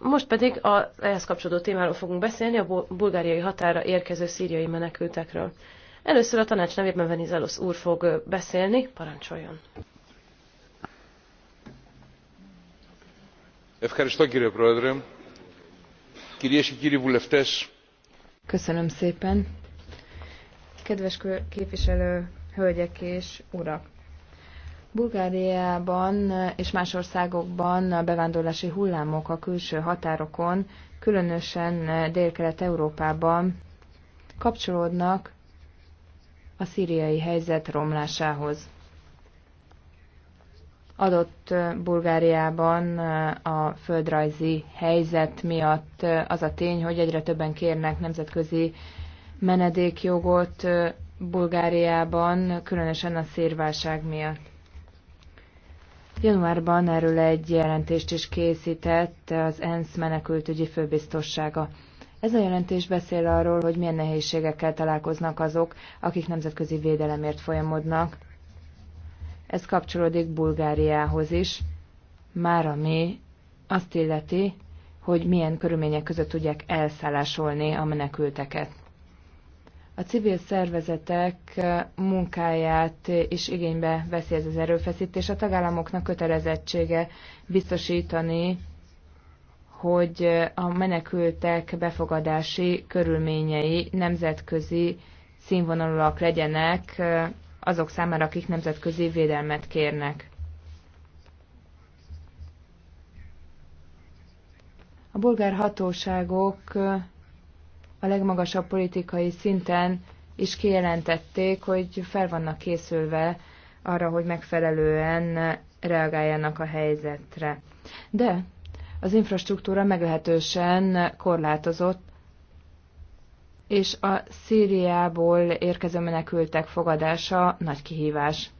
Most pedig a ehhez kapcsolódó témáról fogunk beszélni, a bulgáriai határa érkező szíriai menekültekről. Először a tanács nevében Venizelos úr fog beszélni, parancsoljon. Köszönöm szépen. Kedves képviselő, hölgyek és urak! Bulgáriában és más országokban a bevándorlási hullámok a külső határokon, különösen Dél-Kelet-Európában kapcsolódnak a szíriai helyzet romlásához. Adott Bulgáriában a földrajzi helyzet miatt az a tény, hogy egyre többen kérnek nemzetközi menedékjogot Bulgáriában, különösen a szérválság miatt. Januárban erről egy jelentést is készített az ENSZ menekültügyi főbiztossága. Ez a jelentés beszél arról, hogy milyen nehézségekkel találkoznak azok, akik nemzetközi védelemért folyamodnak. Ez kapcsolódik Bulgáriához is, már ami azt illeti, hogy milyen körülmények között tudják elszállásolni a menekülteket a civil szervezetek munkáját is igénybe veszi ez az erőfeszítés. A tagállamoknak kötelezettsége biztosítani, hogy a menekültek befogadási körülményei nemzetközi színvonalúak legyenek azok számára, akik nemzetközi védelmet kérnek. A bolgár hatóságok a legmagasabb politikai szinten is kijelentették, hogy fel vannak készülve arra, hogy megfelelően reagáljanak a helyzetre. De az infrastruktúra meglehetősen korlátozott, és a Szíriából érkező menekültek fogadása nagy kihívás.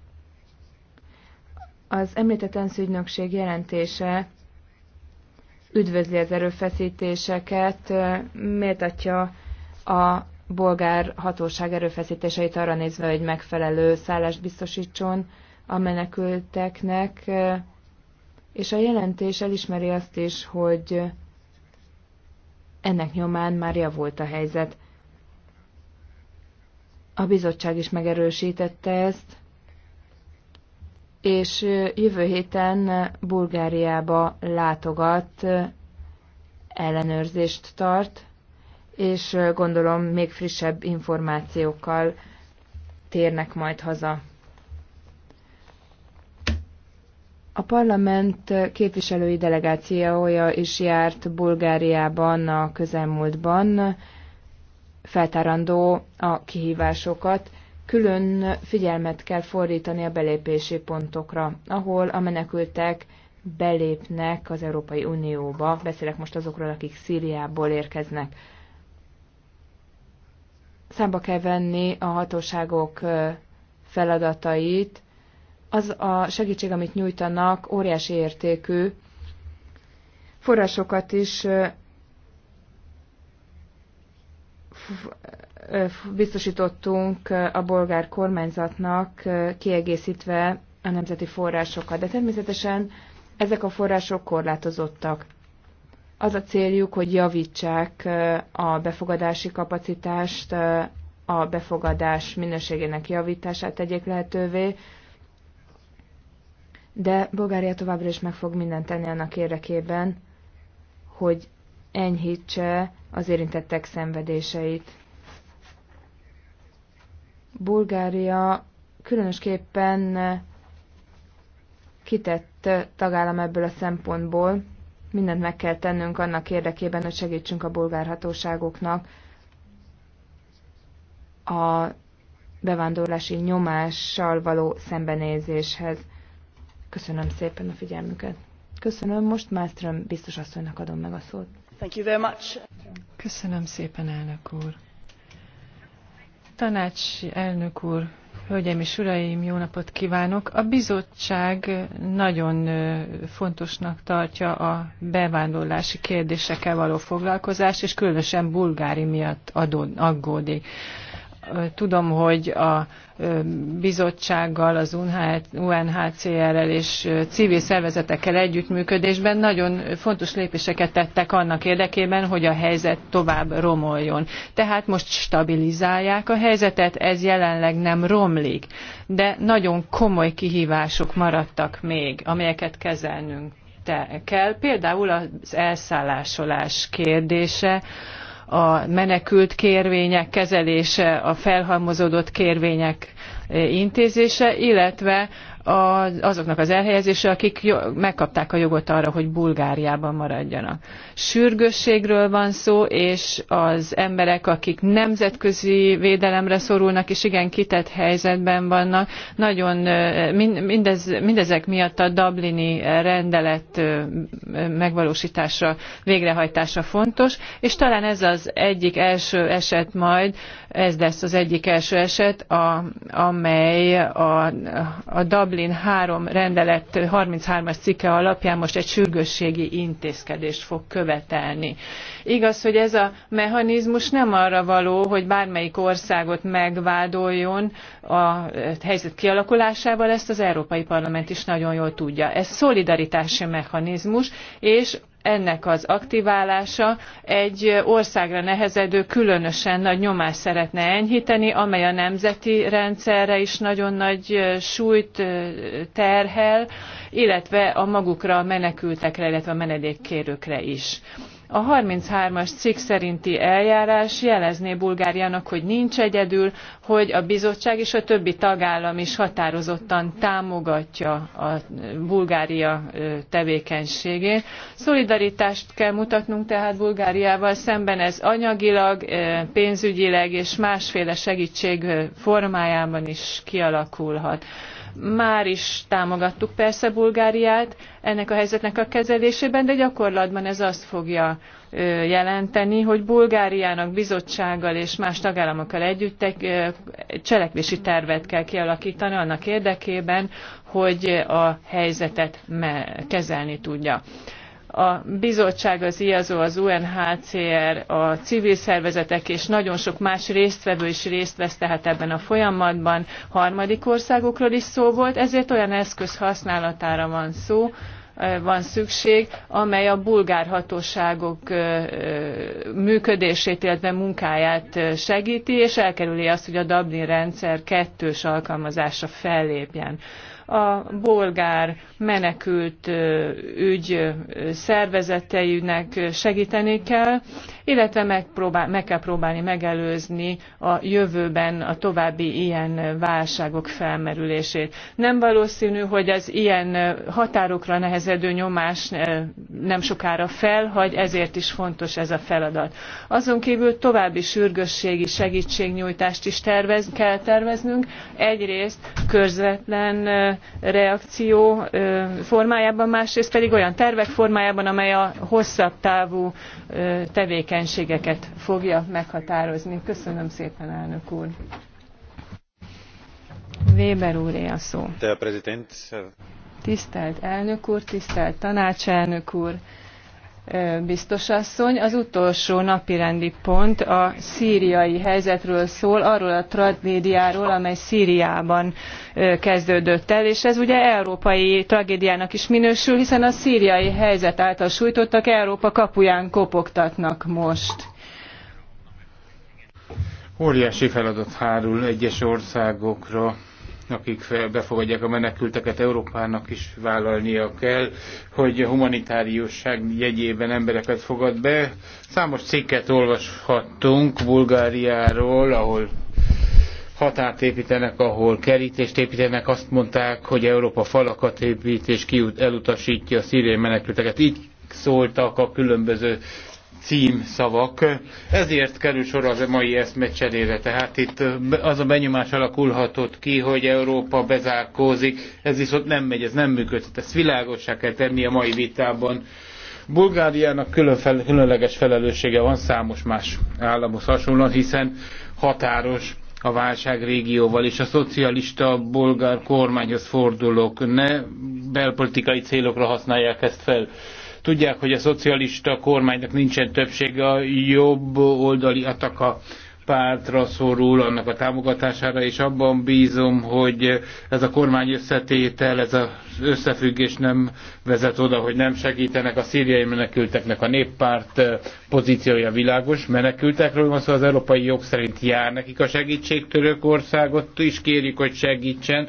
Az említett ENSZ jelentése üdvözli az erőfeszítéseket, méltatja a bolgár hatóság erőfeszítéseit arra nézve, hogy megfelelő szállást biztosítson a menekülteknek, és a jelentés elismeri azt is, hogy ennek nyomán már javult a helyzet. A bizottság is megerősítette ezt, és jövő héten Bulgáriába látogat, ellenőrzést tart, és gondolom még frissebb információkkal térnek majd haza. A parlament képviselői delegációja is járt Bulgáriában a közelmúltban, feltárandó a kihívásokat, külön figyelmet kell fordítani a belépési pontokra, ahol a menekültek belépnek az Európai Unióba. Beszélek most azokról, akik Szíriából érkeznek. Számba kell venni a hatóságok feladatait. Az a segítség, amit nyújtanak, óriási értékű. Forrásokat is biztosítottunk a bolgár kormányzatnak kiegészítve a nemzeti forrásokat, de természetesen ezek a források korlátozottak. Az a céljuk, hogy javítsák a befogadási kapacitást, a befogadás minőségének javítását tegyék lehetővé, de Bulgária továbbra is meg fog mindent tenni annak érdekében, hogy enyhítse az érintettek szenvedéseit. Bulgária különösképpen kitett tagállam ebből a szempontból. Mindent meg kell tennünk annak érdekében, hogy segítsünk a bulgár hatóságoknak a bevándorlási nyomással való szembenézéshez. Köszönöm szépen a figyelmüket. Köszönöm, most Mástrom biztos asszonynak adom meg a szót. Thank you very much. Köszönöm szépen, elnök úr. Tanács elnök úr, hölgyeim és uraim, jó napot kívánok! A bizottság nagyon fontosnak tartja a bevándorlási kérdésekkel való foglalkozást, és különösen Bulgári miatt adó, aggódik. Tudom, hogy a bizottsággal, az UNHCR-rel és civil szervezetekkel együttműködésben nagyon fontos lépéseket tettek annak érdekében, hogy a helyzet tovább romoljon. Tehát most stabilizálják a helyzetet, ez jelenleg nem romlik, de nagyon komoly kihívások maradtak még, amelyeket kezelnünk kell. Például az elszállásolás kérdése, a menekült kérvények kezelése, a felhalmozódott kérvények eh, intézése, illetve azoknak az elhelyezése, akik megkapták a jogot arra, hogy Bulgáriában maradjanak. Sürgősségről van szó, és az emberek, akik nemzetközi védelemre szorulnak, és igen kitett helyzetben vannak, nagyon mindez, mindezek miatt a Dublini rendelet megvalósítása, végrehajtása fontos, és talán ez az egyik első eset majd, ez lesz az egyik első eset, a, amely a, a Dublin Dublin 3 rendelet 33-as cikke alapján most egy sürgősségi intézkedést fog követelni. Igaz, hogy ez a mechanizmus nem arra való, hogy bármelyik országot megvádoljon a helyzet kialakulásával, ezt az Európai Parlament is nagyon jól tudja. Ez szolidaritási mechanizmus, és ennek az aktiválása egy országra nehezedő különösen nagy nyomást szeretne enyhíteni, amely a nemzeti rendszerre is nagyon nagy súlyt terhel, illetve a magukra a menekültekre, illetve a menedékkérőkre is. A 33-as cikk szerinti eljárás jelezné Bulgáriának, hogy nincs egyedül, hogy a bizottság és a többi tagállam is határozottan támogatja a Bulgária tevékenységét. Szolidaritást kell mutatnunk tehát Bulgáriával szemben, ez anyagilag, pénzügyileg és másféle segítség formájában is kialakulhat. Már is támogattuk persze Bulgáriát ennek a helyzetnek a kezelésében, de gyakorlatban ez azt fogja jelenteni, hogy Bulgáriának bizottsággal és más tagállamokkal együtt egy cselekvési tervet kell kialakítani annak érdekében, hogy a helyzetet kezelni tudja a bizottság, az IAZO, az UNHCR, a civil szervezetek és nagyon sok más résztvevő is részt vesz tehát ebben a folyamatban, harmadik országokról is szó volt, ezért olyan eszköz használatára van szó, van szükség, amely a bulgár hatóságok működését, illetve munkáját segíti, és elkerüli azt, hogy a Dublin rendszer kettős alkalmazása fellépjen a bolgár menekült ügy szervezeteinek segíteni kell, illetve megpróbál, meg kell próbálni megelőzni a jövőben a további ilyen válságok felmerülését. Nem valószínű, hogy az ilyen határokra nehezedő nyomás nem sokára felhagy, ezért is fontos ez a feladat. Azon kívül további sürgősségi segítségnyújtást is tervez, kell terveznünk. Egyrészt közvetlen reakció formájában, másrészt pedig olyan tervek formájában, amely a hosszabb távú tevékenységeket fogja meghatározni. Köszönöm szépen, elnök úr! Weber úré a szó. Tisztelt elnök úr, tisztelt tanácselnök úr! biztos asszony. Az utolsó napirendi pont a szíriai helyzetről szól, arról a tragédiáról, amely Szíriában kezdődött el, és ez ugye európai tragédiának is minősül, hiszen a szíriai helyzet által sújtottak Európa kapuján kopogtatnak most. Óriási feladat hárul egyes országokra, akik befogadják a menekülteket, Európának is vállalnia kell, hogy a humanitáriusság jegyében embereket fogad be. Számos cikket olvashattunk Bulgáriáról, ahol határt építenek, ahol kerítést építenek, azt mondták, hogy Európa falakat épít és elutasítja a szíriai menekülteket. Így szóltak a különböző címszavak. Ezért kerül sor az mai eszmecserére. Tehát itt az a benyomás alakulhatott ki, hogy Európa bezárkózik. Ez viszont nem megy, ez nem működhet. Ezt világosá kell tenni a mai vitában. Bulgáriának külön fel, különleges felelőssége van számos más államhoz hasonlóan, hiszen határos a válság régióval, és a szocialista bolgár kormányhoz fordulók ne belpolitikai célokra használják ezt fel. Tudják, hogy a szocialista kormánynak nincsen többsége, a jobb oldali ataka pártra szorul, annak a támogatására, és abban bízom, hogy ez a kormány összetétel, ez az összefüggés nem vezet oda, hogy nem segítenek a szíriai menekülteknek. A néppárt pozíciója világos, menekültekről van szó, szóval az európai jog szerint jár nekik a segítség, Törökországot is kérjük, hogy segítsen,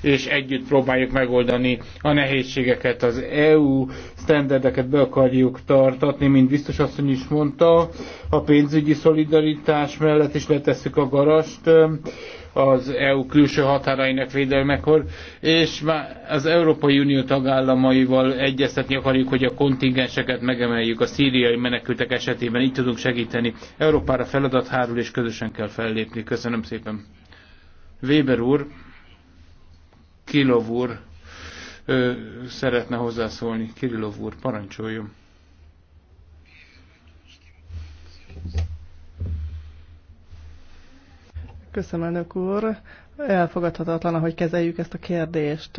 és együtt próbáljuk megoldani a nehézségeket. Az EU standardeket be akarjuk tartatni, mint biztos asszony is mondta, a pénzügyi szolidaritás mellett is letesszük a garast az EU külső határainak védelmekor, és már az Európai Unió tagállamaival egyeztetni akarjuk, hogy a kontingenseket megemeljük a szíriai menekültek esetében, így tudunk segíteni. Európára feladat hárul, és közösen kell fellépni. Köszönöm szépen. Weber úr. Kirilov úr ö, szeretne hozzászólni. Kirilov úr, parancsoljon. Köszönöm, elnök úr. Elfogadhatatlan, ahogy kezeljük ezt a kérdést.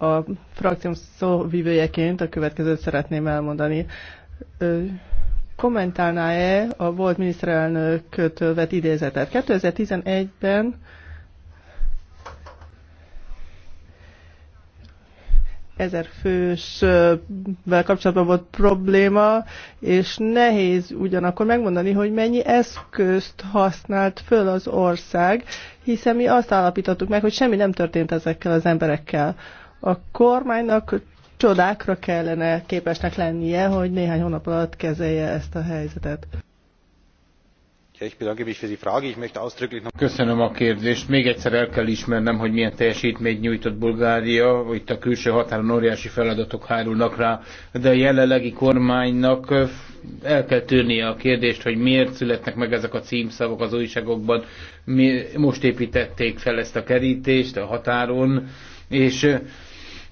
A frakcióm szóvivőjeként a következőt szeretném elmondani. Kommentálná-e a volt miniszterelnök vett idézetet? 2011-ben ezer fősvel kapcsolatban volt probléma, és nehéz ugyanakkor megmondani, hogy mennyi eszközt használt föl az ország, hiszen mi azt állapítottuk meg, hogy semmi nem történt ezekkel az emberekkel. A kormánynak csodákra kellene képesnek lennie, hogy néhány hónap alatt kezelje ezt a helyzetet. Köszönöm a kérdést. Még egyszer el kell ismernem, hogy milyen teljesítményt nyújtott Bulgária. Itt a külső határon óriási feladatok hárulnak rá, de a jelenlegi kormánynak el kell tűrnie a kérdést, hogy miért születnek meg ezek a címszavak az újságokban. Mi most építették fel ezt a kerítést a határon, és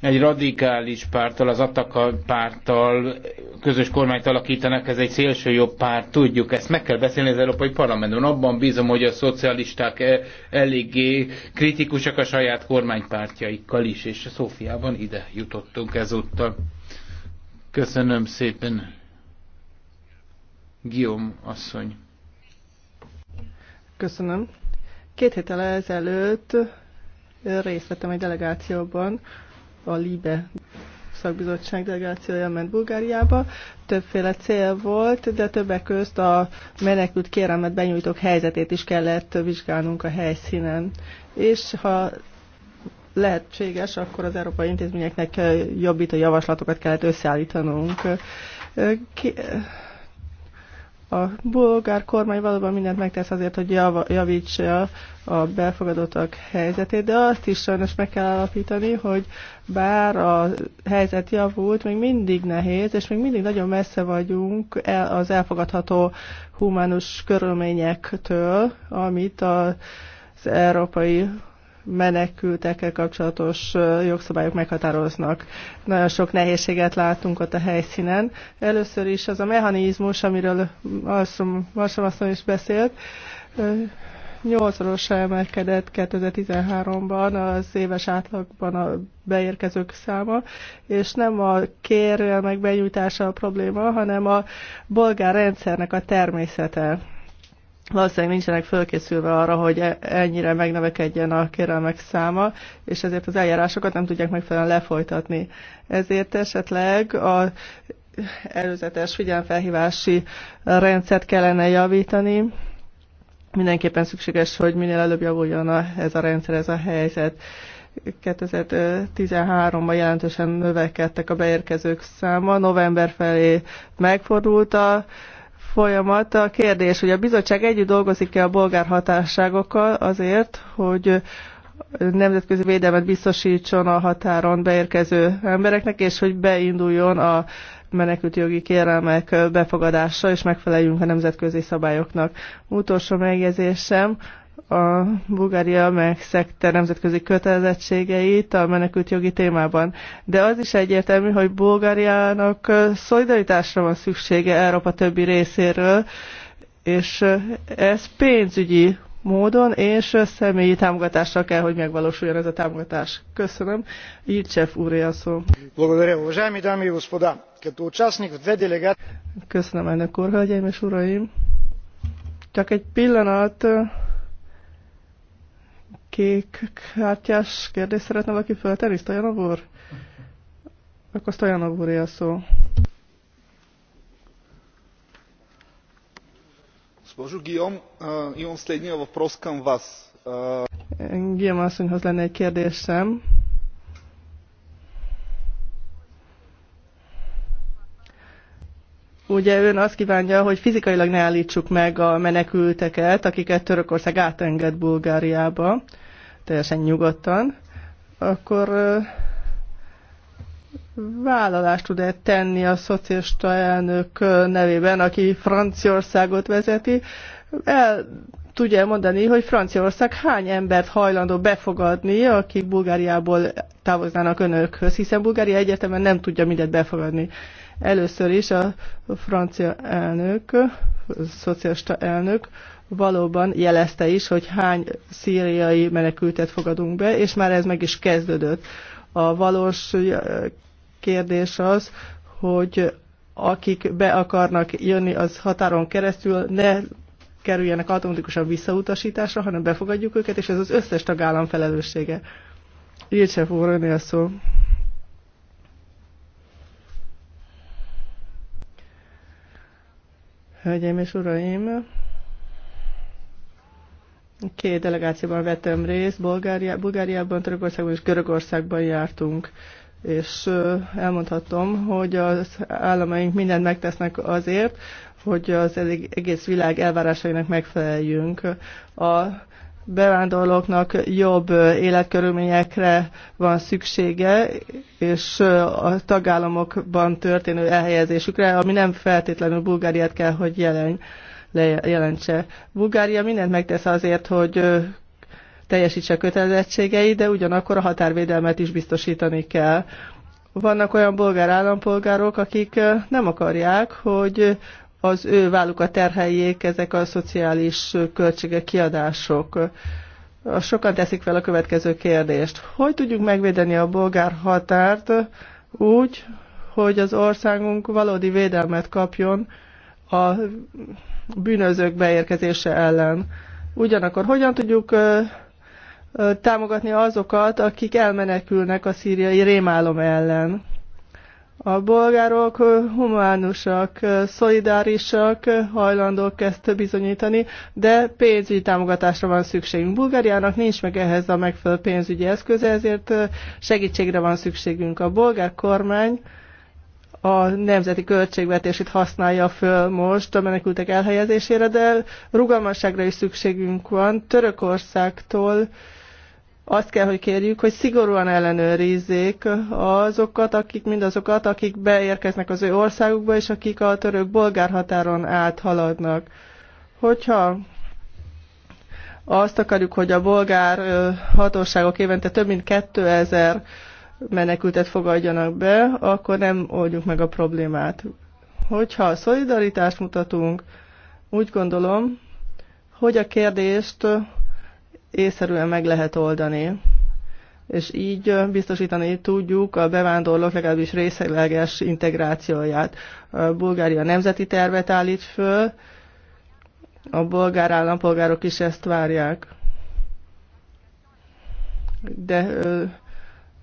egy radikális párttal, az Ataka párttal közös kormányt alakítanak, ez egy szélső jobb párt, tudjuk, ezt meg kell beszélni az Európai parlamenton. Abban bízom, hogy a szocialisták e- eléggé kritikusak a saját kormánypártjaikkal is, és Szófiában ide jutottunk ezúttal. Köszönöm szépen, Guillaume asszony. Köszönöm. Két héttel ezelőtt részt vettem egy delegációban, a LIBE szakbizottság delegációja ment Bulgáriába. Többféle cél volt, de többek közt a menekült kérelmet benyújtók helyzetét is kellett vizsgálnunk a helyszínen. És ha lehetséges, akkor az európai intézményeknek jobbító javaslatokat kellett összeállítanunk. Ki a bulgár kormány valóban mindent megtesz azért, hogy javítsa a befogadottak helyzetét, de azt is sajnos meg kell alapítani, hogy bár a helyzet javult, még mindig nehéz, és még mindig nagyon messze vagyunk el az elfogadható humánus körülményektől, amit az Európai menekültekkel kapcsolatos jogszabályok meghatároznak. Nagyon sok nehézséget látunk ott a helyszínen. Először is az a mechanizmus, amiről Marsom asszony is beszélt, nyolcszoros emelkedett 2013-ban az éves átlagban a beérkezők száma, és nem a kérelmek benyújtása a probléma, hanem a bolgár rendszernek a természete valószínűleg nincsenek fölkészülve arra, hogy e- ennyire megnövekedjen a kérelmek száma, és ezért az eljárásokat nem tudják megfelelően lefolytatni. Ezért esetleg a előzetes figyelmfelhívási rendszert kellene javítani. Mindenképpen szükséges, hogy minél előbb javuljon a, ez a rendszer, ez a helyzet. 2013-ban jelentősen növekedtek a beérkezők száma, november felé megfordult a folyamat. A kérdés, hogy a bizottság együtt dolgozik-e a bolgár hatásságokkal, azért, hogy nemzetközi védelmet biztosítson a határon beérkező embereknek, és hogy beinduljon a jogi kérelmek befogadása, és megfeleljünk a nemzetközi szabályoknak. Utolsó megjegyzésem, a Bulgária megszegte nemzetközi kötelezettségeit a menekült jogi témában. De az is egyértelmű, hogy Bulgáriának szolidaritásra van szüksége Európa többi részéről, és ez pénzügyi módon és személyi támogatásra kell, hogy megvalósuljon ez a támogatás. Köszönöm. Jircsev úré a szó. Köszönöm, elnök úr, hölgyeim és uraim. Csak egy pillanat, kék kártyás kérdést szeretne valaki feltenni, Stajanov úr? Akkor Stajanov úr a szó. Госпожо Гиом, имам следния въпрос към вас. Гиом, asszonyhoz lenne egy kérdésem. Ugye ön azt kívánja, hogy fizikailag ne állítsuk meg a menekülteket, akiket Törökország átenged Bulgáriába teljesen nyugodtan, akkor vállalást tud-e tenni a szocialista elnök nevében, aki Franciaországot vezeti, el tudja mondani, hogy Franciaország hány embert hajlandó befogadni, akik Bulgáriából távoznának önökhöz, hiszen Bulgária egyetemen nem tudja mindet befogadni. Először is a francia elnök, a szocialista elnök valóban jelezte is, hogy hány szíriai menekültet fogadunk be, és már ez meg is kezdődött. A valós eh, kérdés az, hogy akik be akarnak jönni az határon keresztül, ne kerüljenek automatikusan visszautasításra, hanem befogadjuk őket, és ez az összes tagállam felelőssége. Így se fog rönni a szó. Hölgyeim és uraim! Két delegációban vettem részt, Bulgária, Bulgáriában, Törökországban és Görögországban jártunk és elmondhatom, hogy az államaink mindent megtesznek azért, hogy az egész világ elvárásainak megfeleljünk. A bevándorlóknak jobb életkörülményekre van szüksége, és a tagállamokban történő elhelyezésükre, ami nem feltétlenül Bulgáriát kell, hogy jelen, jelentse. Bulgária mindent megtesz azért, hogy teljesítse a kötelezettségei, de ugyanakkor a határvédelmet is biztosítani kell. Vannak olyan bolgár állampolgárok, akik nem akarják, hogy az ő vállukat terheljék ezek a szociális költségek, kiadások. Sokan teszik fel a következő kérdést. Hogy tudjuk megvédeni a bolgár határt úgy, hogy az országunk valódi védelmet kapjon a bűnözők beérkezése ellen. Ugyanakkor hogyan tudjuk támogatni azokat, akik elmenekülnek a szíriai rémálom ellen? A bolgárok humánusak, szolidárisak, hajlandók ezt bizonyítani, de pénzügyi támogatásra van szükségünk. Bulgáriának nincs meg ehhez a megfelelő pénzügyi eszköze, ezért segítségre van szükségünk. A bolgár kormány a nemzeti költségvetését használja föl most a menekültek elhelyezésére, de rugalmasságra is szükségünk van. Törökországtól azt kell, hogy kérjük, hogy szigorúan ellenőrizzék azokat, akik mindazokat, akik beérkeznek az ő országukba, és akik a török-bolgár határon áthaladnak. Hogyha azt akarjuk, hogy a bolgár hatóságok évente több mint 2000 menekültet fogadjanak be, akkor nem oldjuk meg a problémát. Hogyha szolidaritást mutatunk, úgy gondolom, hogy a kérdést észszerűen meg lehet oldani. És így biztosítani tudjuk a bevándorlók legalábbis részleges integrációját. A Bulgária nemzeti tervet állít föl, a bolgár állampolgárok is ezt várják. De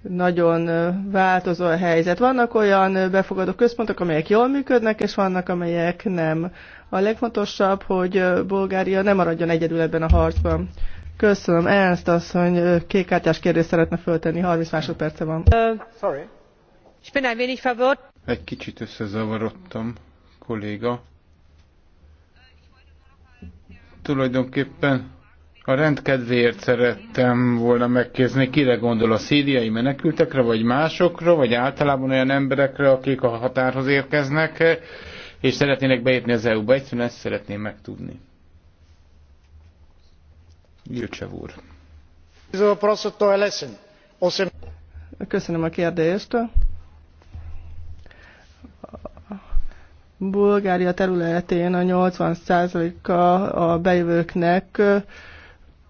nagyon változó a helyzet. Vannak olyan befogadó központok, amelyek jól működnek, és vannak, amelyek nem. A legfontosabb, hogy Bulgária nem maradjon egyedül ebben a harcban. Köszönöm. Ernst asszony kékkártyás kérdést szeretne föltenni. 30 másodperce van. sorry. Egy kicsit összezavarodtam, kolléga. Tulajdonképpen a rendkedvéért szerettem volna megkérdezni, kire gondol a szíriai menekültekre, vagy másokra, vagy általában olyan emberekre, akik a határhoz érkeznek, és szeretnének bejutni az EU-ba. Egyszerűen ezt szeretném megtudni. Gyurcsev úr. Köszönöm a kérdést. Bulgária területén a 80%-a a bejövőknek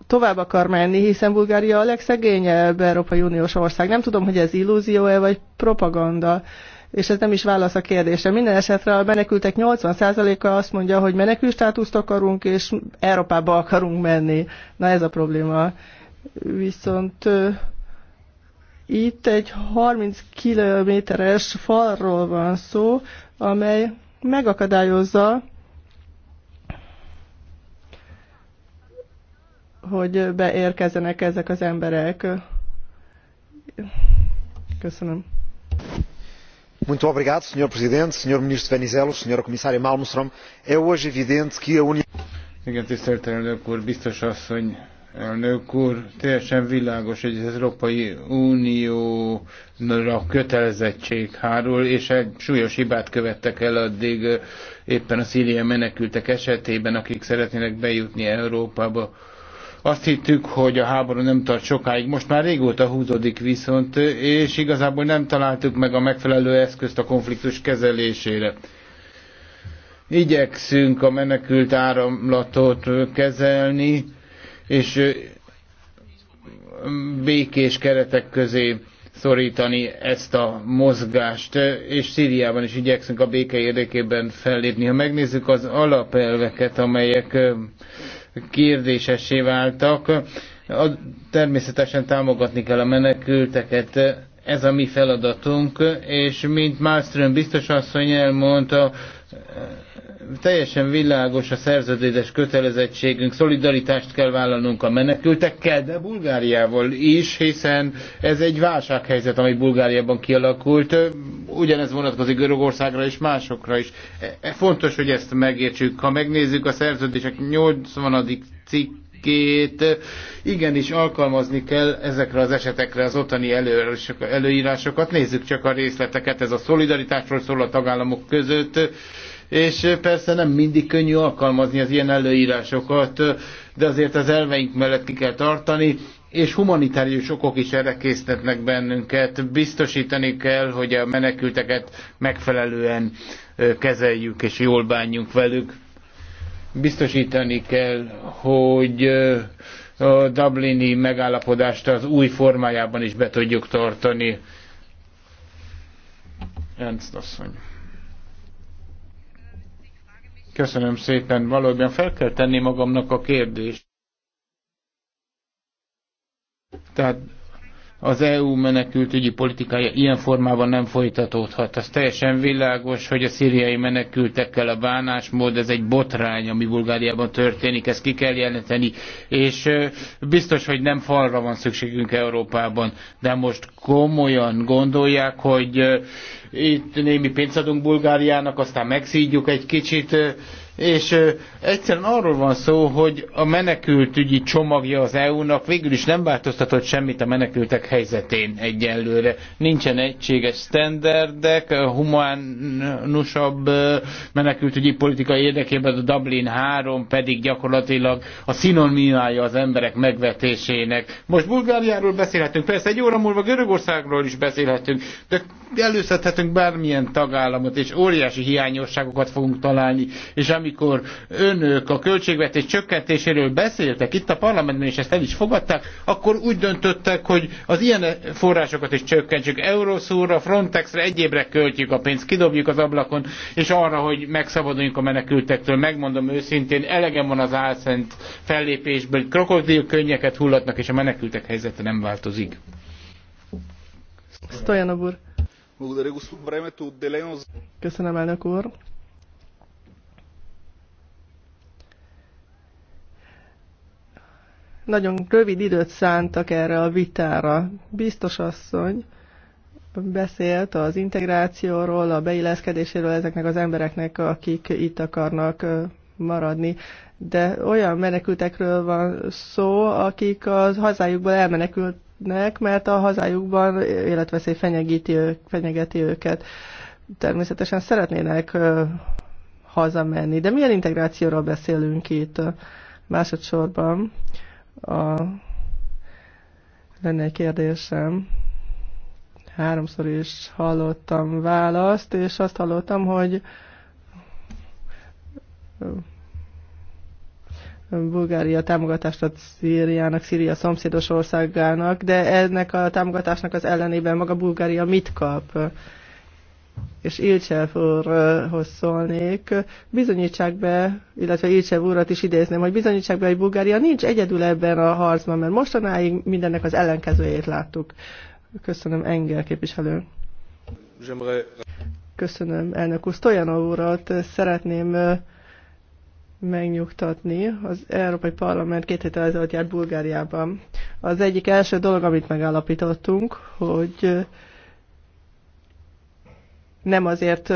tovább akar menni, hiszen Bulgária a legszegényebb Európai Uniós ország. Nem tudom, hogy ez illúzió-e, vagy propaganda, és ez nem is válasz a kérdésre. Minden esetre a menekültek 80%-a azt mondja, hogy menekül státuszt akarunk, és Európába akarunk menni. Na ez a probléma. Viszont itt egy 30 kilométeres falról van szó, amely megakadályozza hogy beérkezzenek ezek az emberek. Köszönöm. Muito obrigado, Sr. Presidente, Sr. Ministro Venizelos, Sra. Comissária Malmström. É hoje evidente que a União... Igen, tisztelt elnök úr, biztos asszony, elnök úr, teljesen világos, hogy az Európai Unióra kötelezettség hárul, és egy súlyos hibát követtek el addig éppen a szíria menekültek esetében, akik szeretnének bejutni Európába azt hittük, hogy a háború nem tart sokáig, most már régóta húzódik viszont, és igazából nem találtuk meg a megfelelő eszközt a konfliktus kezelésére igyekszünk a menekült áramlatot kezelni, és békés keretek közé szorítani ezt a mozgást, és Szíriában is igyekszünk a béke érdekében fellépni. Ha megnézzük az alapelveket, amelyek kérdésessé váltak. A, természetesen támogatni kell a menekülteket, ez a mi feladatunk, és mint Malmström biztos asszony elmondta, teljesen világos a szerződéses kötelezettségünk, szolidaritást kell vállalnunk a menekültekkel, de Bulgáriával is, hiszen ez egy válsághelyzet, ami Bulgáriában kialakult. Ugyanez vonatkozik Görögországra és másokra is. E, e, fontos, hogy ezt megértsük. Ha megnézzük a szerződések 80. cikk Két. igenis alkalmazni kell ezekre az esetekre az otthoni előírásokat. Nézzük csak a részleteket, ez a szolidaritásról szól a tagállamok között, és eh, persze nem mindig könnyű alkalmazni az ilyen előírásokat, eh, de azért az elveink mellett ki kell tartani, és humanitárius okok is erre késztetnek bennünket. Biztosítani kell, hogy a menekülteket megfelelően eh, kezeljük és jól bánjunk velük. Biztosítani kell, hogy a Dublini megállapodást az új formájában is be tudjuk tartani. Ernst asszony. Köszönöm szépen. Valóban fel kell tenni magamnak a kérdést. Tehát az EU menekültügyi politikája ilyen formában nem folytatódhat. Az teljesen világos, hogy a szíriai menekültekkel a bánásmód, ez egy botrány, ami Bulgáriában történik, ezt ki kell jelenteni, és biztos, hogy nem falra van szükségünk Európában, de most komolyan gondolják, hogy itt némi pénzt adunk Bulgáriának, aztán megszídjuk egy kicsit, és egyszerűen arról van szó, hogy a menekültügyi csomagja az EU-nak végül is nem változtatott semmit a menekültek helyzetén egyelőre. Nincsen egységes standardek, humánusabb menekültügyi politika érdekében a Dublin 3 pedig gyakorlatilag a szinonimája az emberek megvetésének. Most Bulgáriáról beszélhetünk, persze egy óra múlva Görögországról is beszélhetünk, de előszedhetünk bármilyen tagállamot, és óriási hiányosságokat fogunk találni, és amikor önök a költségvetés csökkentéséről beszéltek itt a parlamentben, és ezt el is fogadták, akkor úgy döntöttek, hogy az ilyen forrásokat is csökkentsük. Euroszúra, Frontexre, egyébre költjük a pénzt, kidobjuk az ablakon, és arra, hogy megszabaduljunk a menekültektől. Megmondom őszintén, elegem van az álszent fellépésből, krokodil könnyeket hullatnak, és a menekültek helyzete nem változik. Stojanov úr. Köszönöm, elnök úr. Nagyon rövid időt szántak erre a vitára. Biztos asszony beszélt az integrációról, a beilleszkedéséről ezeknek az embereknek, akik itt akarnak maradni. De olyan menekültekről van szó, akik az hazájukból elmenekülnek, mert a hazájukban életveszély fenyegíti, fenyegeti őket. Természetesen szeretnének hazamenni. De milyen integrációról beszélünk itt másodszorban? A, lenne egy kérdésem. Háromszor is hallottam választ, és azt hallottam, hogy Bulgária támogatást ad Szíriának, Szíria szomszédos országának, de ennek a támogatásnak az ellenében maga Bulgária mit kap? és Ilcsev úrhoz szólnék, bizonyítsák be, illetve Ilcsev úrat is idézném, hogy bizonyítsák be, hogy Bulgária nincs egyedül ebben a harcban, mert mostanáig mindennek az ellenkezőjét láttuk. Köszönöm, Engel képviselő. Köszönöm, elnök úr. Stojanov urat szeretném megnyugtatni. Az Európai Parlament két héttel ezelőtt járt Bulgáriában. Az egyik első dolog, amit megállapítottunk, hogy nem azért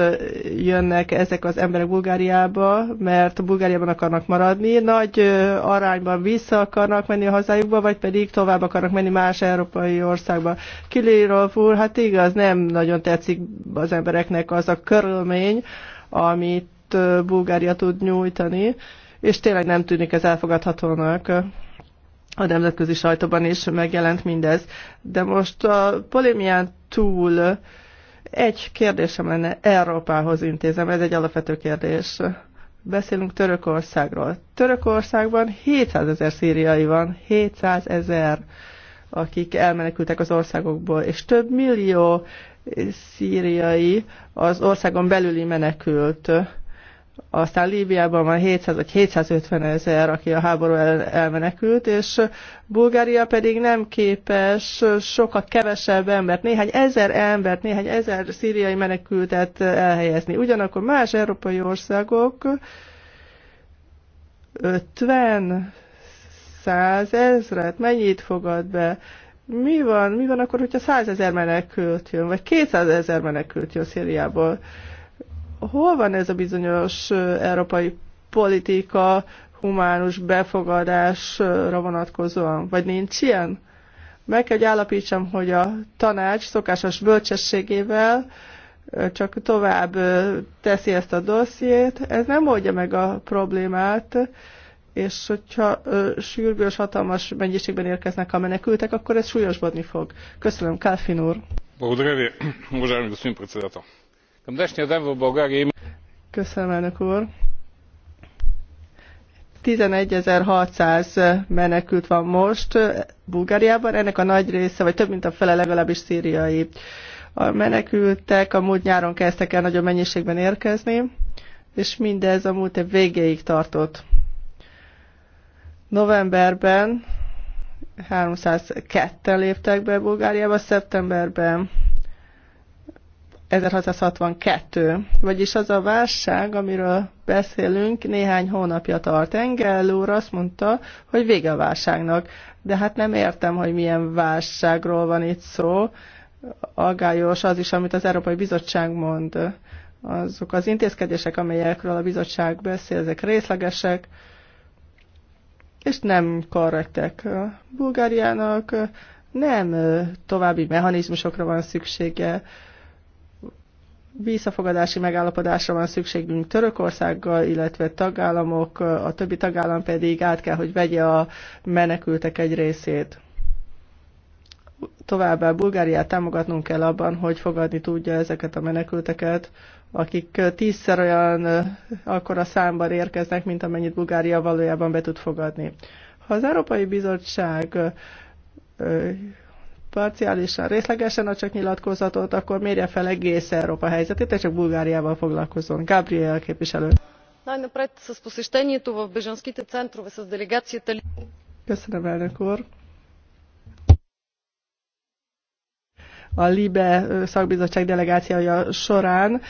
jönnek ezek az emberek Bulgáriába, mert Bulgáriában akarnak maradni, nagy arányban vissza akarnak menni a hazájukba, vagy pedig tovább akarnak menni más európai országba. Kilirov úr, hát igaz, nem nagyon tetszik az embereknek az a körülmény, amit Bulgária tud nyújtani, és tényleg nem tűnik ez elfogadhatónak a nemzetközi sajtóban is megjelent mindez. De most a polémián túl egy kérdésem lenne, Európához intézem, ez egy alapvető kérdés. Beszélünk Törökországról. Törökországban 700 ezer szíriai van, 700 ezer, akik elmenekültek az országokból, és több millió szíriai az országon belüli menekült aztán Líbiában van 700 vagy 750 ezer, aki a háború el, elmenekült, és Bulgária pedig nem képes sokat kevesebb embert, néhány ezer embert, néhány ezer szíriai menekültet elhelyezni. Ugyanakkor más európai országok 50 100 ezret, mennyit fogad be? Mi van, mi van akkor, hogyha 100 ezer menekült jön, vagy 200 ezer menekült jön Szíriából? hol van ez a bizonyos európai politika humánus befogadásra vonatkozóan? Vagy nincs ilyen? Meg kell, hogy állapítsam, hogy a tanács szokásos bölcsességével csak tovább teszi ezt a dossziét. Ez nem oldja meg a problémát, és hogyha sürgős, hatalmas mennyiségben érkeznek a menekültek, akkor ez súlyosbodni fog. Köszönöm, Kálfin úr. Благодаря ви, уважаеми господин Köszönöm, elnök úr. 11.600 menekült van most Bulgáriában, ennek a nagy része, vagy több mint a fele legalábbis szíriai. A menekültek a múlt nyáron kezdtek el nagyobb mennyiségben érkezni, és mindez a múlt év végéig tartott. Novemberben 302-en léptek be Bulgáriába, szeptemberben 1662. Vagyis az a válság, amiről beszélünk, néhány hónapja tart. Engel úr azt mondta, hogy vége a válságnak. De hát nem értem, hogy milyen válságról van itt szó. Agályos az is, amit az Európai Bizottság mond. Azok az intézkedések, amelyekről a bizottság beszél, ezek részlegesek, és nem korrektek. Bulgáriának nem további mechanizmusokra van szüksége, visszafogadási megállapodásra van szükségünk Törökországgal, illetve tagállamok, a többi tagállam pedig át kell, hogy vegye a menekültek egy részét. Továbbá Bulgáriát támogatnunk kell abban, hogy fogadni tudja ezeket a menekülteket, akik tízszer olyan akkora számban érkeznek, mint amennyit Bulgária valójában be tud fogadni. Ha az Európai Bizottság parciálisan, részlegesen, a csak nyilatkozatot, akkor mérje fel egész Európa helyzetét, és csak Bulgáriával foglalkozzon. Gabriel képviselő. Köszönöm, elnök úr. a LIBE szakbizottság delegációja során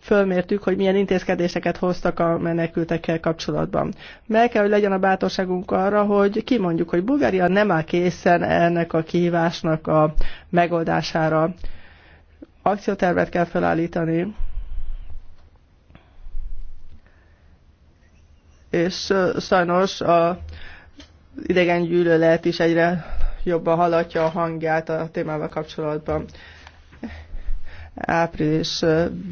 fölmértük, hogy milyen intézkedéseket hoztak a menekültekkel kapcsolatban. Meg kell, hogy legyen a bátorságunk arra, hogy kimondjuk, hogy Bulgária nem áll készen ennek a kihívásnak a megoldására. Akciótervet kell felállítani. És sajnos a idegen gyűlölet is egyre jobban hallatja a hangját a témával kapcsolatban. Április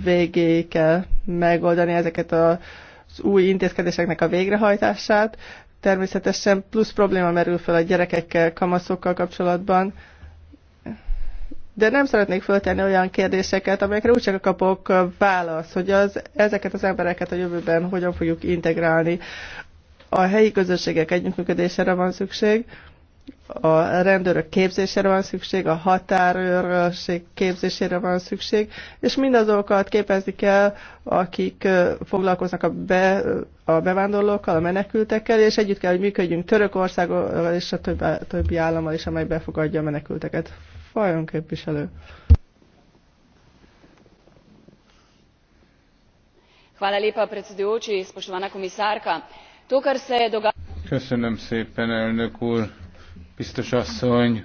végéig kell megoldani ezeket az új intézkedéseknek a végrehajtását. Természetesen plusz probléma merül fel a gyerekekkel, kamaszokkal kapcsolatban, de nem szeretnék föltenni olyan kérdéseket, amelyekre úgysem kapok választ, hogy az, ezeket az embereket a jövőben hogyan fogjuk integrálni. A helyi közösségek együttműködésére van szükség, a rendőrök képzésére van szükség, a határőrség képzésére van szükség, és mindazokat képezni kell, akik foglalkoznak a, be, a bevándorlókkal, a menekültekkel, és együtt kell, hogy működjünk Törökországgal és a többi, többi állammal is, amely befogadja a menekülteket. Fajon képviselő. Hvala lepa, To, kar se Köszönöm szépen, elnök úr biztos asszony.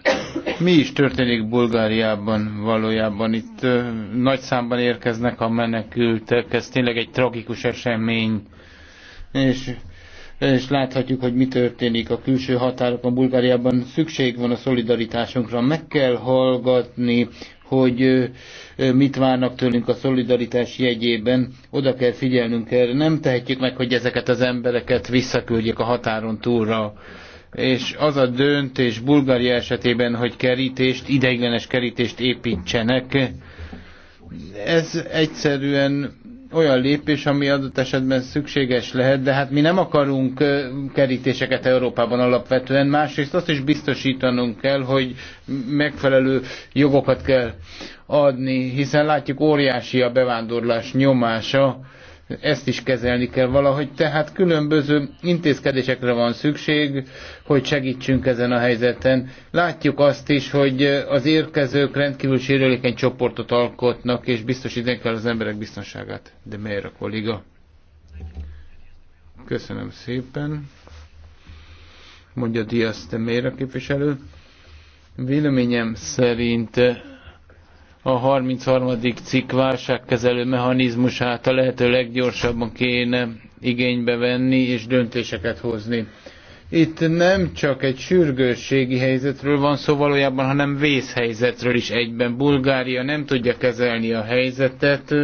Mi is történik Bulgáriában valójában? Itt ö, nagy számban érkeznek a menekültek, ez tényleg egy tragikus esemény. És, és láthatjuk, hogy mi történik a külső határokon Bulgáriában. Szükség van a szolidaritásunkra. Meg kell hallgatni, hogy mit várnak tőlünk a szolidaritás jegyében, oda kell figyelnünk erre. Nem tehetjük meg, hogy ezeket az embereket visszaküldjék a határon túlra és az a döntés Bulgária esetében, hogy kerítést, ideiglenes kerítést építsenek, ez egyszerűen olyan lépés, ami adott esetben szükséges lehet, de hát mi nem akarunk kerítéseket Európában alapvetően. Másrészt azt is biztosítanunk kell, hogy megfelelő jogokat kell adni, hiszen látjuk óriási a bevándorlás nyomása, ezt is kezelni kell valahogy, tehát különböző intézkedésekre van szükség, hogy segítsünk ezen a helyzeten. Látjuk azt is, hogy az érkezők rendkívül sérülékeny csoportot alkotnak, és biztosítani kell az emberek biztonságát. De melyre a kolléga? Köszönöm szépen. Mondja Diaz, de miért a képviselő? Véleményem szerint a 33. cikk válságkezelő mechanizmusát a lehető leggyorsabban kéne igénybe venni és döntéseket hozni. Itt nem csak egy sürgősségi helyzetről van szó valójában, hanem vészhelyzetről is egyben. Bulgária nem tudja kezelni a helyzetet,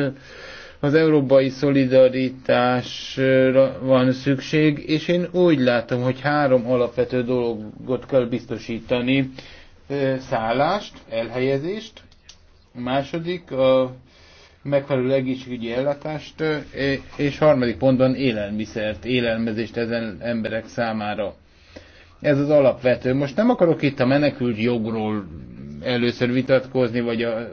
az európai szolidaritásra van szükség, és én úgy látom, hogy három alapvető dolgot kell biztosítani. Szállást, elhelyezést, a második, a megfelelő egészségügyi ellátást, és harmadik pontban élelmiszert, élelmezést ezen emberek számára. Ez az alapvető. Most nem akarok itt a menekült jogról először vitatkozni, vagy a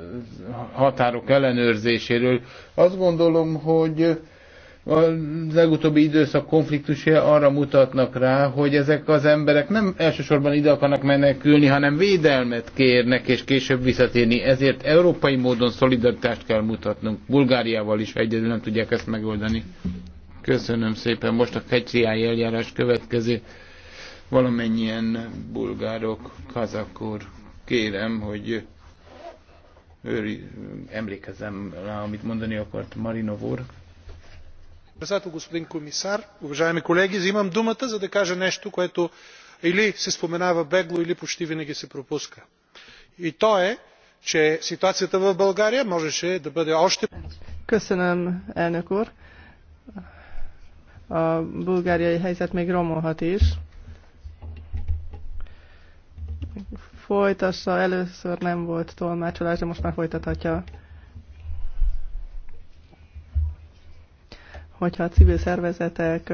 határok ellenőrzéséről. Azt gondolom, hogy az legutóbbi időszak konfliktusai arra mutatnak rá, hogy ezek az emberek nem elsősorban ide akarnak menekülni, hanem védelmet kérnek és később visszatérni. Ezért európai módon szolidaritást kell mutatnunk. Bulgáriával is egyedül nem tudják ezt megoldani. Köszönöm szépen. Most a Kecsiái eljárás következő. Valamennyien bulgárok, kazakor, kérem, hogy őri, emlékezem rá, amit mondani akart Marinov úr председател господин комисар уважаеми колеги! вземам думата за да кажа нещо което или се споменава бегло или почти винаги се пропуска и то е че ситуацията в българя можеше да бъде още. a bulgáriai helyzet még romolhat is. Folytassa, először nem volt tolmácsolás, de most már folytathatja. hogyha a civil szervezetek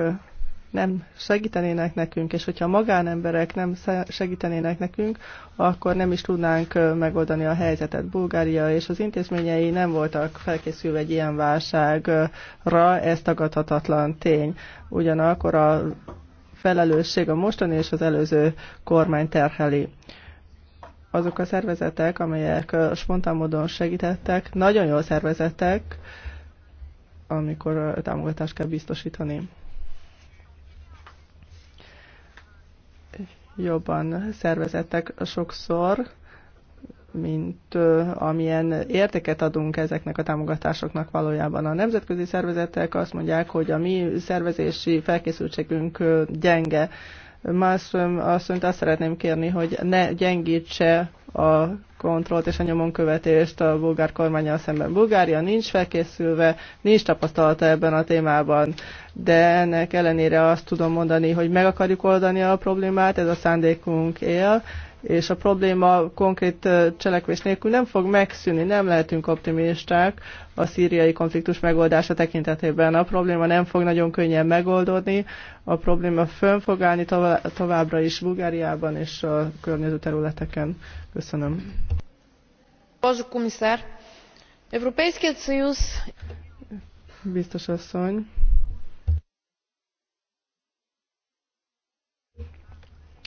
nem segítenének nekünk, és hogyha a magánemberek nem segítenének nekünk, akkor nem is tudnánk megoldani a helyzetet. Bulgária és az intézményei nem voltak felkészülve egy ilyen válságra, ez tagadhatatlan tény. Ugyanakkor a felelősség a mostani és az előző kormány terheli. Azok a szervezetek, amelyek spontán módon segítettek, nagyon jól szervezettek, amikor a támogatást kell biztosítani. Jobban szervezettek sokszor, mint amilyen értéket adunk ezeknek a támogatásoknak valójában. A nemzetközi szervezetek azt mondják, hogy a mi szervezési felkészültségünk gyenge. Más azt azt szeretném kérni, hogy ne gyengítse a kontrollt és a nyomon követést a bulgár kormányjal szemben. Bulgária nincs felkészülve, nincs tapasztalata ebben a témában, de ennek ellenére azt tudom mondani, hogy meg akarjuk oldani a problémát, ez a szándékunk él, és a probléma konkrét cselekvés nélkül nem fog megszűnni, nem lehetünk optimisták a szíriai konfliktus megoldása tekintetében. A probléma nem fog nagyon könnyen megoldódni, a probléma fönn fog állni továbbra is Bulgáriában és a környező területeken. Köszönöm. Biztos asszony.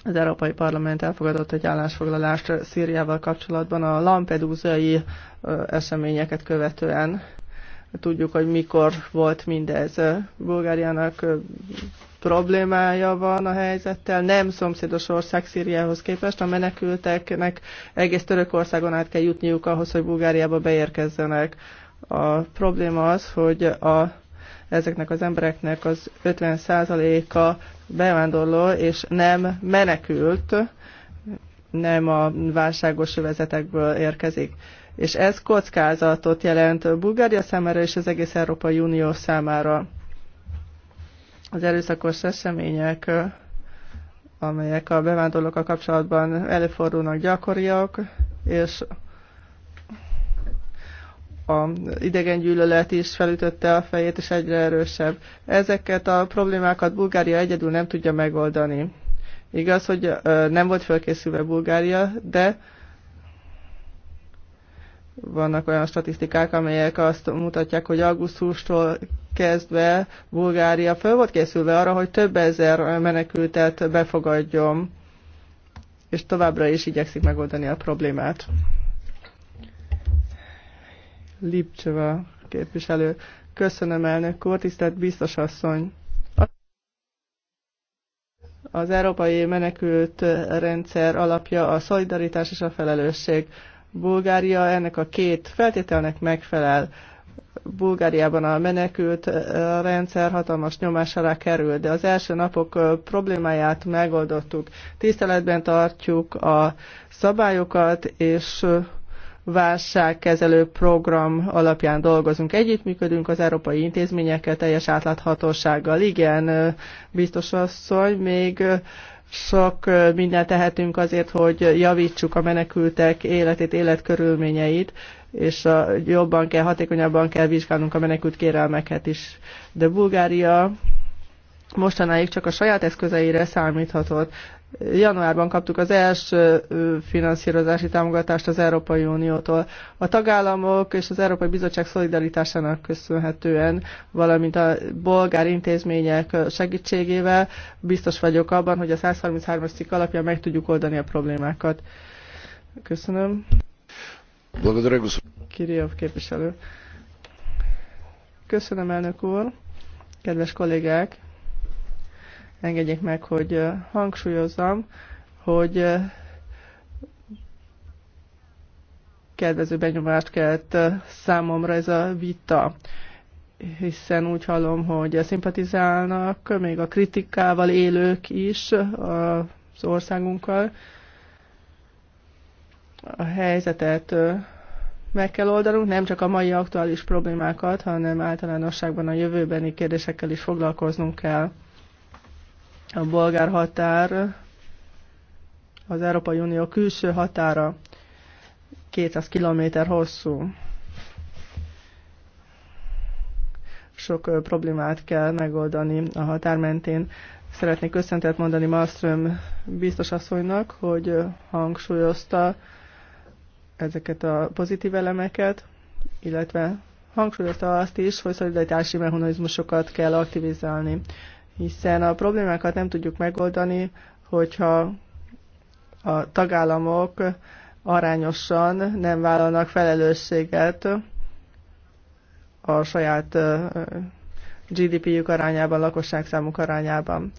Az Európai Parlament elfogadott egy állásfoglalást Szíriával kapcsolatban a Lampedusai eseményeket követően. Tudjuk, hogy mikor volt mindez. Bulgáriának problémája van a helyzettel, nem szomszédos ország Szíriához képest, a menekülteknek egész Törökországon át kell jutniuk ahhoz, hogy Bulgáriába beérkezzenek. A probléma az, hogy a ezeknek az embereknek az 50%-a bevándorló és nem menekült, nem a válságos övezetekből érkezik. És ez kockázatot jelent Bulgária számára és az egész Európai Unió számára. Az erőszakos események, amelyek a bevándorlókkal kapcsolatban előfordulnak gyakoriak, és a idegengyűlölet is felütötte a fejét, és egyre erősebb. Ezeket a problémákat Bulgária egyedül nem tudja megoldani. Igaz, hogy nem volt fölkészülve Bulgária, de vannak olyan statisztikák, amelyek azt mutatják, hogy augusztustól kezdve Bulgária föl volt készülve arra, hogy több ezer menekültet befogadjon, és továbbra is igyekszik megoldani a problémát. Lipcseva képviselő. Köszönöm, elnök úr, tisztelt biztos asszony. Az európai menekült rendszer alapja a szolidaritás és a felelősség. Bulgária ennek a két feltételnek megfelel. Bulgáriában a menekült rendszer hatalmas nyomás alá került, de az első napok problémáját megoldottuk. Tiszteletben tartjuk a szabályokat, és válságkezelő program alapján dolgozunk, együttműködünk az európai intézményekkel teljes átláthatósággal. Igen, biztos asszony, még sok mindent tehetünk azért, hogy javítsuk a menekültek életét, életkörülményeit, és jobban kell, hatékonyabban kell vizsgálnunk a menekült kérelmeket is. De Bulgária mostanáig csak a saját eszközeire számíthatott. Januárban kaptuk az első finanszírozási támogatást az Európai Uniótól. A tagállamok és az Európai Bizottság szolidaritásának köszönhetően, valamint a bolgár intézmények segítségével biztos vagyok abban, hogy a 133-as cikk alapján meg tudjuk oldani a problémákat. Köszönöm. Kirillov képviselő. Köszönöm, elnök úr, kedves kollégák! Engedjék meg, hogy hangsúlyozzam, hogy kedvező benyomást kelt számomra ez a vita, hiszen úgy hallom, hogy szimpatizálnak még a kritikával élők is az országunkkal. A helyzetet meg kell oldanunk, nem csak a mai aktuális problémákat, hanem általánosságban a jövőbeni kérdésekkel is foglalkoznunk kell a bolgár határ az Európai Unió külső határa 200 km hosszú. Sok problémát kell megoldani a határ mentén. Szeretnék köszöntet mondani Malmström biztos asszonynak, hogy hangsúlyozta ezeket a pozitív elemeket, illetve hangsúlyozta azt is, hogy szolidaritási mechanizmusokat kell aktivizálni hiszen a problémákat nem tudjuk megoldani, hogyha a tagállamok arányosan nem vállalnak felelősséget a saját GDP-jük arányában, lakosság számuk arányában.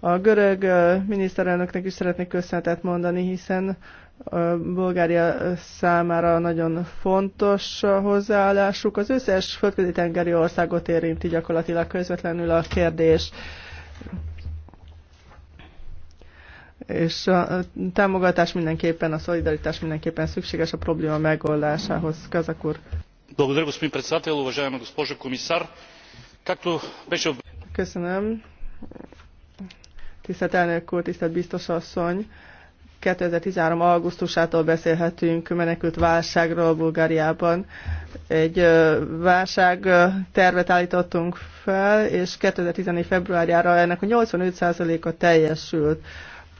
A görög miniszterelnöknek is szeretnék köszönetet mondani, hiszen a Bulgária számára nagyon fontos a hozzáállásuk. Az összes földközi tengeri országot érinti gyakorlatilag közvetlenül a kérdés. És a támogatás mindenképpen, a szolidaritás mindenképpen szükséges a probléma megoldásához. Kazak úr. Köszönöm. Tisztelt elnök úr, tisztelt biztos asszony. 2013. augusztusától beszélhetünk menekült válságról Bulgáriában. Egy válság tervet állítottunk fel, és 2014. februárjára ennek a 85%-a teljesült.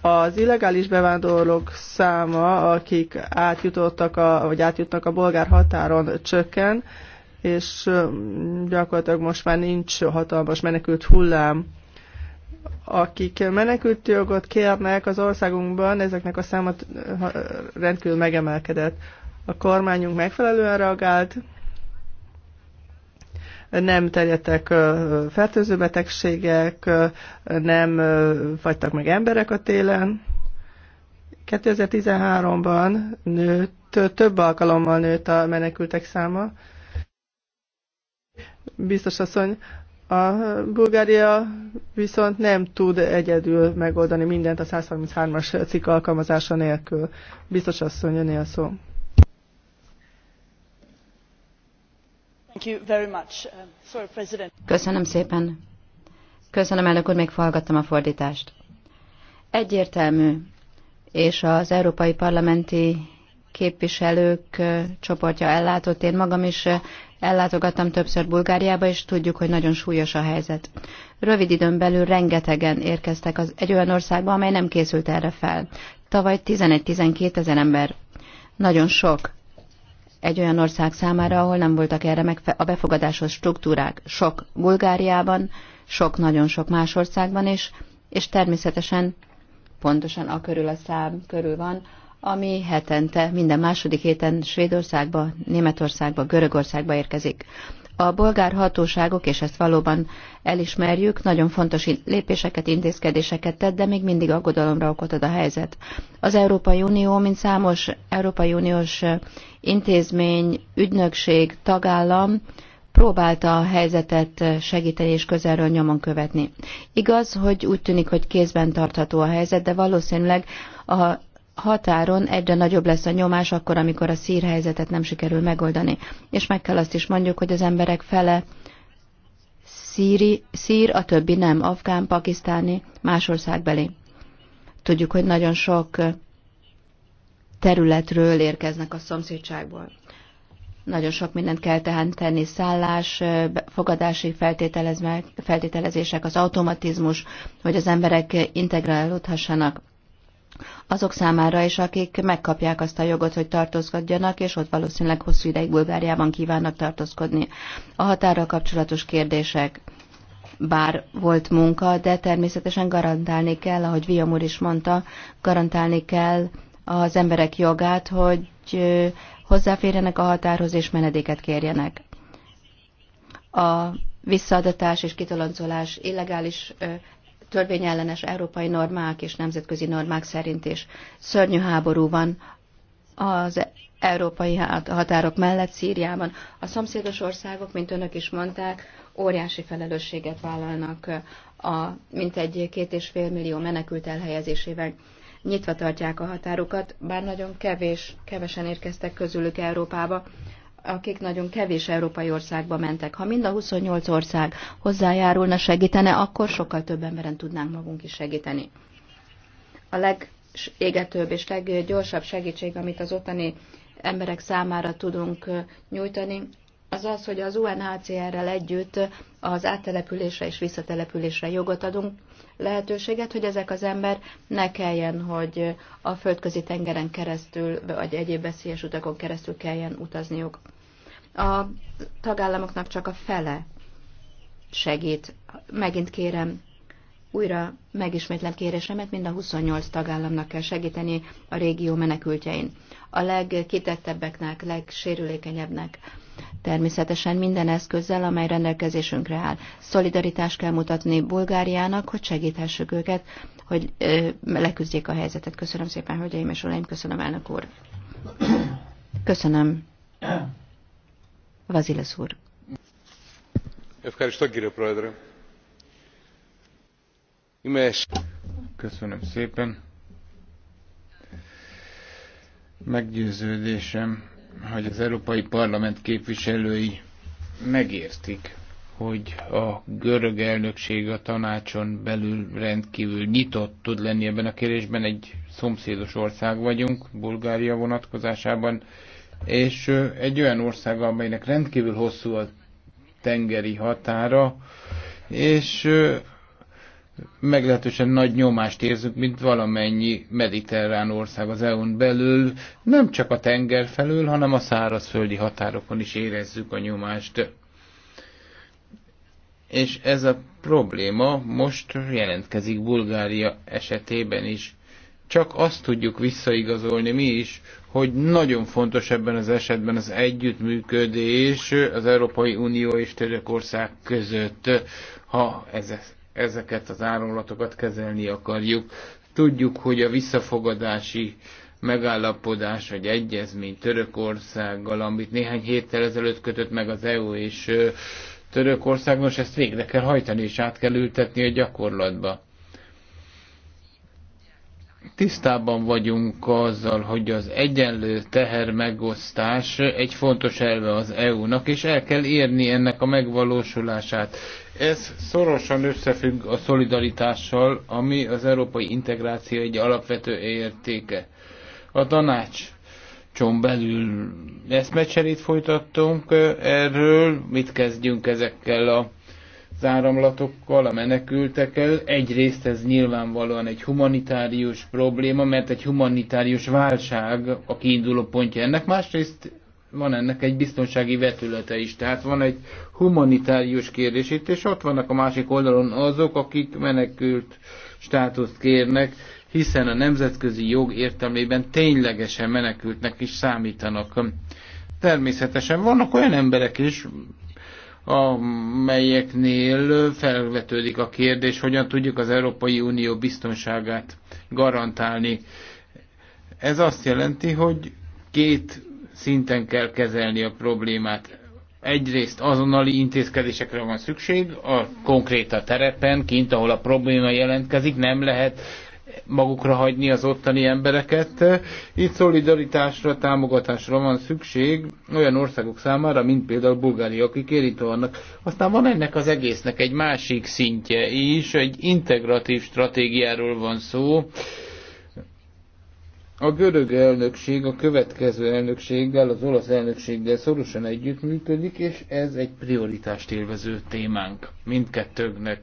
Az illegális bevándorlók száma, akik átjutottak a, vagy átjutnak a bolgár határon csökken, és gyakorlatilag most már nincs hatalmas menekült hullám akik menekült jogot kérnek az országunkban, ezeknek a számot rendkívül megemelkedett. A kormányunk megfelelően reagált, nem terjedtek fertőző betegségek, nem fagytak meg emberek a télen. 2013-ban nőtt, több alkalommal nőtt a menekültek száma. Biztos asszony, a Bulgária viszont nem tud egyedül megoldani mindent a 133-as cikk alkalmazása nélkül. Biztos asszony, a szó. Um, Köszönöm szépen. Köszönöm, elnök úr, még hallgattam a fordítást. Egyértelmű, és az európai parlamenti képviselők csoportja ellátott. Én magam is ellátogattam többször Bulgáriába, és tudjuk, hogy nagyon súlyos a helyzet. Rövid időn belül rengetegen érkeztek az, egy olyan országba, amely nem készült erre fel. Tavaly 11-12 ezer ember. Nagyon sok. Egy olyan ország számára, ahol nem voltak erre a befogadáshoz struktúrák. Sok Bulgáriában, sok nagyon sok más országban is, és természetesen pontosan a körül a szám körül van, ami hetente, minden második héten Svédországba, Németországba, Görögországba érkezik. A bolgár hatóságok, és ezt valóban elismerjük, nagyon fontos lépéseket, intézkedéseket tett, de még mindig aggodalomra okot ad a helyzet. Az Európai Unió, mint számos Európai Uniós intézmény, ügynökség, tagállam próbálta a helyzetet segíteni és közelről nyomon követni. Igaz, hogy úgy tűnik, hogy kézben tartható a helyzet, de valószínűleg a határon egyre nagyobb lesz a nyomás akkor, amikor a szír helyzetet nem sikerül megoldani. És meg kell azt is mondjuk, hogy az emberek fele szíri, szír, a többi nem, afgán, pakisztáni, más országbeli. Tudjuk, hogy nagyon sok területről érkeznek a szomszédságból. Nagyon sok mindent kell tehát tenni, szállás, fogadási feltételezések, az automatizmus, hogy az emberek integrálódhassanak azok számára is, akik megkapják azt a jogot, hogy tartózkodjanak, és ott valószínűleg hosszú ideig Bulgáriában kívánnak tartózkodni. A határral kapcsolatos kérdések. Bár volt munka, de természetesen garantálni kell, ahogy Viam úr is mondta, garantálni kell az emberek jogát, hogy hozzáférjenek a határhoz és menedéket kérjenek. A visszaadatás és kitoloncolás illegális törvényellenes európai normák és nemzetközi normák szerint is. Szörnyű háború van az európai határok mellett Szíriában. A szomszédos országok, mint önök is mondták, óriási felelősséget vállalnak a mintegy két és fél millió menekült elhelyezésével. Nyitva tartják a határokat, bár nagyon kevés, kevesen érkeztek közülük Európába, akik nagyon kevés európai országba mentek. Ha mind a 28 ország hozzájárulna, segítene, akkor sokkal több emberen tudnánk magunk is segíteni. A legégetőbb és leggyorsabb segítség, amit az ottani emberek számára tudunk nyújtani, az az, hogy az UNHCR-rel együtt az áttelepülésre és visszatelepülésre jogot adunk, lehetőséget, hogy ezek az ember ne kelljen, hogy a földközi tengeren keresztül, vagy egyéb veszélyes utakon keresztül kelljen utazniuk. A tagállamoknak csak a fele segít. Megint kérem, újra megismétlem kérésemet, mind a 28 tagállamnak kell segíteni a régió menekültjein. A legkitettebbeknek, legsérülékenyebbnek természetesen minden eszközzel, amely rendelkezésünkre áll. Szolidaritást kell mutatni Bulgáriának, hogy segíthessük őket, hogy ö, leküzdjék a helyzetet. Köszönöm szépen, hölgyeim és uraim, köszönöm, elnök úr. Köszönöm. Vazilesz úr. Köszönöm, Köszönöm szépen. Meggyőződésem, hogy az Európai Parlament képviselői megértik, hogy a görög elnökség a tanácson belül rendkívül nyitott tud lenni ebben a kérdésben. Egy szomszédos ország vagyunk, Bulgária vonatkozásában, és egy olyan ország, amelynek rendkívül hosszú a tengeri határa, és meglehetősen nagy nyomást érzünk, mint valamennyi mediterrán ország az EU-n belül, nem csak a tenger felől, hanem a szárazföldi határokon is érezzük a nyomást. És ez a probléma most jelentkezik Bulgária esetében is. Csak azt tudjuk visszaigazolni mi is, hogy nagyon fontos ebben az esetben az együttműködés az Európai Unió és Törökország között, ha ez ezeket az áramlatokat kezelni akarjuk. Tudjuk, hogy a visszafogadási megállapodás vagy egyezmény Törökországgal, amit néhány héttel ezelőtt kötött meg az EU és Törökország, most ezt végre kell hajtani és át kell ültetni a gyakorlatba tisztában vagyunk azzal, hogy az egyenlő teher megosztás egy fontos elve az EU-nak, és el kell érni ennek a megvalósulását. Ez szorosan összefügg a szolidaritással, ami az európai integráció egy alapvető értéke. A tanács cson belül eszmecserét folytattunk eh, erről, mit kezdjünk ezekkel a az áramlatokkal, a menekültekkel. Egyrészt ez nyilvánvalóan egy humanitárius probléma, mert egy humanitárius válság a kiinduló pontja ennek. Másrészt van ennek egy biztonsági vetülete is, tehát van egy humanitárius kérdés itt, és ott vannak a másik oldalon azok, akik menekült státuszt kérnek, hiszen a nemzetközi jog értelmében ténylegesen menekültnek is számítanak. Természetesen vannak olyan emberek is, amelyeknél felvetődik a kérdés, hogyan tudjuk az Európai Unió biztonságát garantálni. Ez azt jelenti, hogy két szinten kell kezelni a problémát. Egyrészt azonnali intézkedésekre van szükség, a konkrét a terepen, kint, ahol a probléma jelentkezik, nem lehet magukra hagyni az ottani embereket. Itt szolidaritásra, támogatásra van szükség olyan országok számára, mint például Bulgária, akik érintő vannak. Aztán van ennek az egésznek egy másik szintje is, egy integratív stratégiáról van szó. A görög elnökség a következő elnökséggel, az olasz elnökséggel szorosan együttműködik, és ez egy prioritást élvező témánk mindkettőnknek.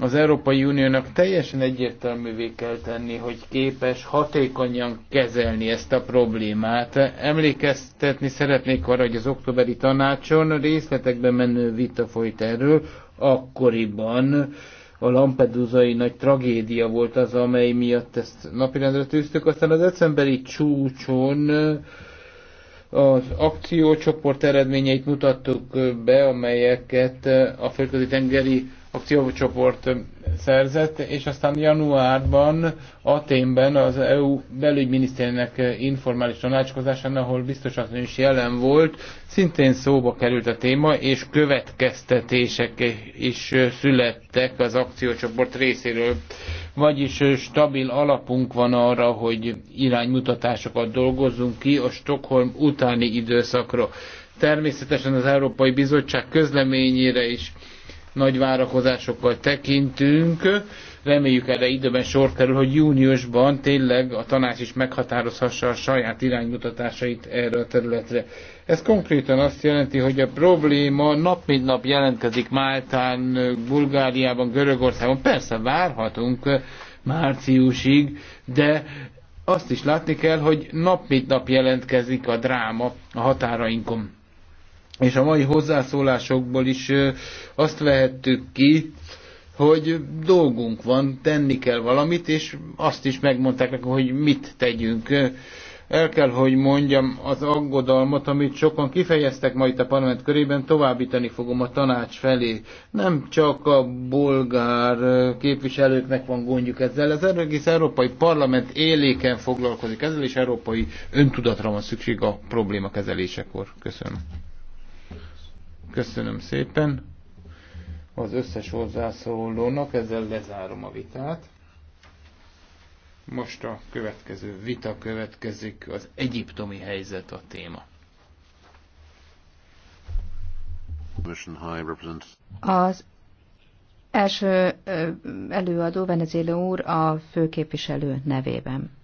Az Európai Uniónak teljesen egyértelművé kell tenni, hogy képes hatékonyan kezelni ezt a problémát. Emlékeztetni szeretnék arra, hogy az októberi tanácson részletekben menő vita folyt erről, akkoriban a Lampedusai nagy tragédia volt az, amely miatt ezt napirendre tűztük. Aztán az decemberi csúcson az akciócsoport eredményeit mutattuk be, amelyeket a földközi tengeri akciócsoport szerzett, és aztán januárban Aténben az EU belügyminiszterének informális tanácskozásán, ahol biztos asszony is jelen volt, szintén szóba került a téma, és következtetések is születtek az akciócsoport részéről. Vagyis stabil alapunk van arra, hogy iránymutatásokat dolgozzunk ki a Stockholm utáni időszakra. Természetesen az Európai Bizottság közleményére is nagy várakozásokkal tekintünk. Reméljük erre időben sor kerül, hogy júniusban tényleg a tanács is meghatározhassa a saját iránymutatásait erre a területre. Ez konkrétan azt jelenti, hogy a probléma nap mint nap jelentkezik Máltán, Bulgáriában, Görögországon. Persze várhatunk márciusig, de azt is látni kell, hogy nap mint nap jelentkezik a dráma a határainkon és a mai hozzászólásokból is azt vehettük ki, hogy dolgunk van, tenni kell valamit, és azt is megmondták nekünk, hogy mit tegyünk. El kell, hogy mondjam, az aggodalmat, amit sokan kifejeztek ma itt a parlament körében, továbbítani fogom a tanács felé. Nem csak a bolgár képviselőknek van gondjuk ezzel, az egész Európai Parlament éléken foglalkozik ezzel, és európai öntudatra van szükség a probléma kezelésekor. Köszönöm. Köszönöm szépen az összes hozzászólónak, ezzel lezárom a vitát. Most a következő vita következik, az egyiptomi helyzet a téma. Az első előadó Venezuela úr a főképviselő nevében.